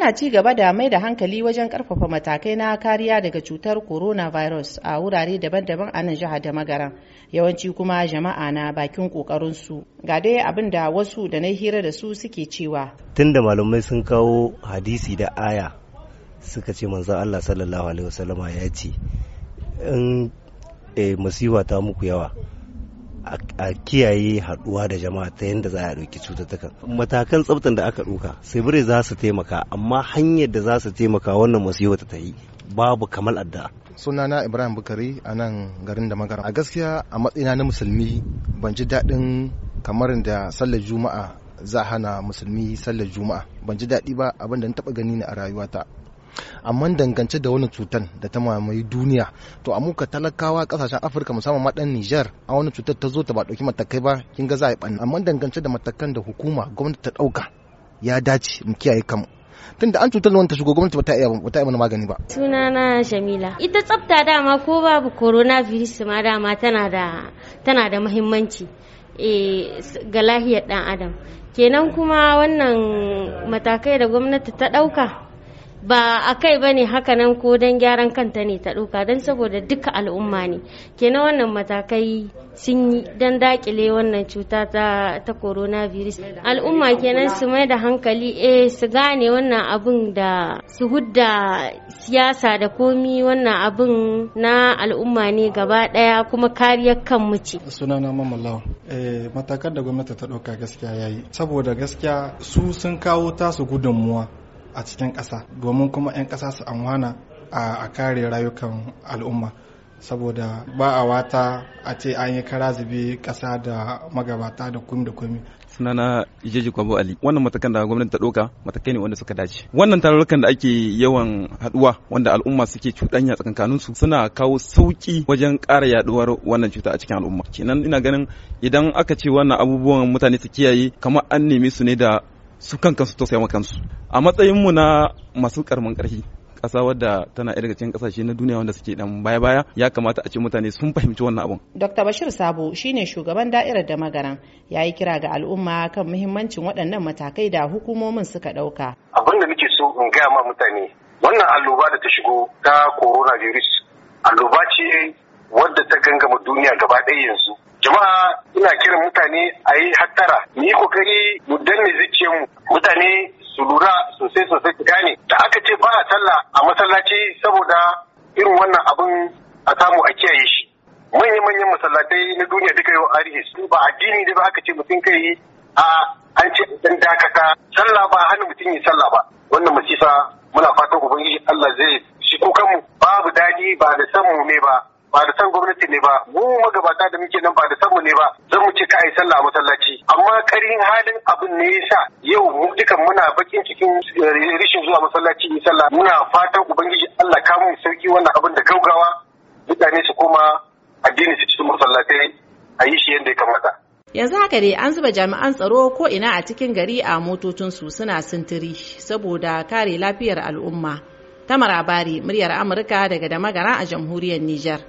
ana ci gaba da mai da hankali wajen karfafa matakai na kariya daga cutar coronavirus a wurare daban-daban a nan jihar da magaran yawanci kuma jama'a na bakin kokarinsu ga dai abin da wasu da na hira da su suke cewa tunda malamai sun kawo hadisi da aya suka ce manzo allah sallallahu alaihi wasallama ya ce in eh, musiwa ta muku yawa a kiyaye haɗuwa da jama'a ta yadda za a ɗauki cututtukan matakan tsaftan da aka ɗauka tsibirai za su taimaka amma hanyar da za su taimaka wannan masu ta yi babu kamal adda sunana ibrahim bukari a nan garin da magara a gaskiya a matsayina na musulmi ban ji daɗin kamar da sallar juma'a za hana musulmi sallar juma'a ban ji daɗi ba abin da na taɓa gani ni a rayuwata amma dangance da wani cutar da ta mamaye duniya to a muka talakawa kasashen afirka musamman ma dan nijar a wani cutar ta zo ta ba dauki matakai ba kin ga za a yi ɓanna amma dangance da matakan da hukuma gwamnati ta ɗauka ya dace mu kiyaye kanmu da an cutar da wani ta shigo gwamnati ta iya iya mana magani ba Suna na Jamila ita tsafta dama ko babu coronavirus ma dama tana da tana da muhimmanci eh, ga lahiyar dan adam kenan kuma wannan matakai da gwamnati ta ɗauka? ba a kai ba ne hakanan ko don gyaran kanta ne ta ɗauka don saboda duka al'umma ne kenan wannan matakai sun yi don dakile wannan cuta ta, coronavirus al'umma kenan su mai da hankali eh su gane wannan abin da su hudda siyasa da komi wannan abin na al'umma ne gaba daya kuma kariyar kan mace. sunana mamallawa eh matakan da gwamnati ta ɗauka gaskiya yayi saboda gaskiya su sun kawo tasu gudunmuwa a cikin ƙasa domin kuma 'yan ƙasa su amfana a kare rayukan al'umma saboda ba a wata a ce an yi kara zube ƙasa da magabata da kumi da kumi sunana jeji Kwabo Ali wannan matakan da gwamnati ta ɗauka matakai ne wanda suka dace wannan tarurrukan da ake yawan haduwa wanda al'umma suke cuɗanya tsakankanin su suna kawo sauki wajen ƙara yaduwar wannan cuta a cikin al'umma kenan ina ganin idan aka ce wannan abubuwan mutane su kiyaye kamar an neme su ne da su kan kansu to ma kansu a matsayin mu na masu karman karfi ƙasa wadda tana daga cikin ƙasashe na duniya wanda suke dan baya-baya ya kamata a ce mutane sun fahimci wannan abun. Dr. Bashir Sabo shine shugaban da'irar da magaran ya yi kira ga al'umma kan muhimmancin waɗannan matakai da hukumomin suka ɗauka. Abin da nake so in gaya ma mutane wannan alloba da ta shigo ta coronavirus alloba ce wadda ta gangama duniya gaba ɗaya yanzu. Jama'a ina kiran mutane a yi hattara, ni kokari mu danne wannan abin a samu a kiyaye shi manyan manyan masallatai na duniya duka yau wa su ba addini da ba aka ce mutum kai a an ce dan dakata sallah ba hannu mutum yi sallah ba wannan masifa muna fatan ubangiji Allah zai shi kanmu babu dadi ba da san mu ne ba ba da san gwamnati ne ba mu magabata da muke nan ba da san mu ne ba zan mu ce ka yi sallah a masallaci amma karin halin abin ne sa yau mu dukan muna bakin cikin eh, rishin zuwa masallaci yi sallah muna fatan ubangiji sarki wannan abin da gaugawa mutane su koma addini su cikin masallatai a yi shi yadda ya kamata. Yanzu haka dai an zuba jami'an tsaro ko ina a cikin gari a motocinsu suna sintiri saboda kare lafiyar al'umma. Tamara Bari, muryar Amurka daga Damagara a jamhuriyar Nijar.